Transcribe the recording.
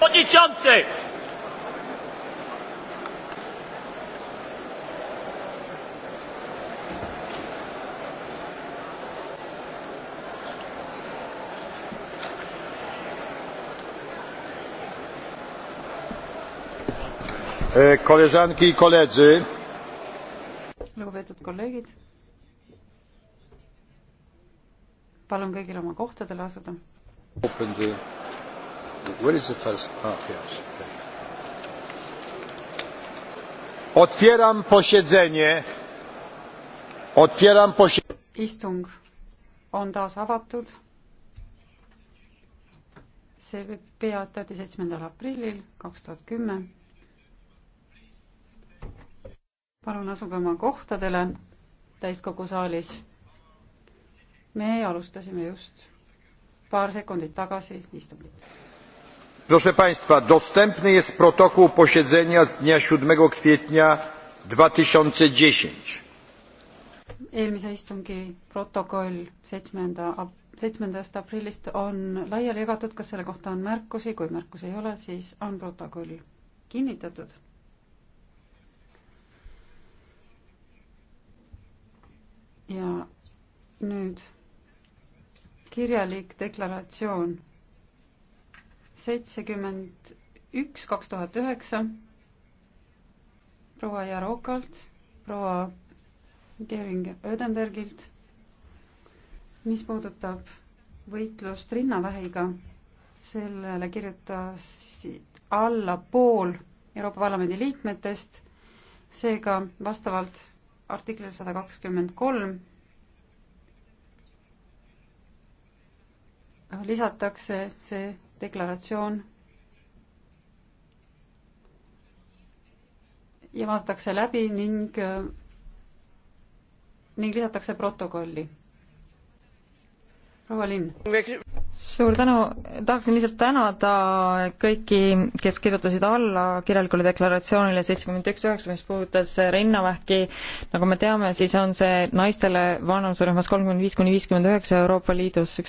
przewodniczący! E, koleżanki i koledzy. Lugupeetud kolleegid. Palun kõigil oma kohtadele asuda. Open the Where is the first? Ah, yes. Otwieram posiedzenie. Otwieram posiedzenie. Istung on taas avatud. see peatati seitsmendal aprillil kaks tuhat kümme. palun asuge oma kohtadele täiskogu saalis. me alustasime just paar sekundit tagasi istungit proszę państwa dostępny jest protokół posiedzenia z dnia siedem kwietnia dwa tysiące dziesięć eelmise istungi protokoll seitsmendast aprillist on laiali jagatud, kas selle kohta on märkusi, kui märkusi ei ole, siis on protokoll kinnitatud. ja nüüd kirjalik deklaratsioon seitsekümmend üks, kaks tuhat üheksa, proua Jarokalt, proua Gering-Ödenbergilt, mis puudutab võitlust rinnavähiga, sellele kirjutasid alla pool Euroopa Parlamendi liikmetest, seega vastavalt artiklile sada kakskümmend kolm lisatakse see deklaratsioon ja vaadatakse läbi ning, ning lisatakse protokolli. proua Linn. suur tänu, tahaksin lihtsalt tänada kõiki, kes kirjutasid alla kirjalikule deklaratsioonile seitsekümmend üks üheksa, mis puudutas rinnavähki. nagu me teame, siis on see naistele vanusrühmas kolmkümmend viis kuni viiskümmend üheksa Euroopa Liidus üks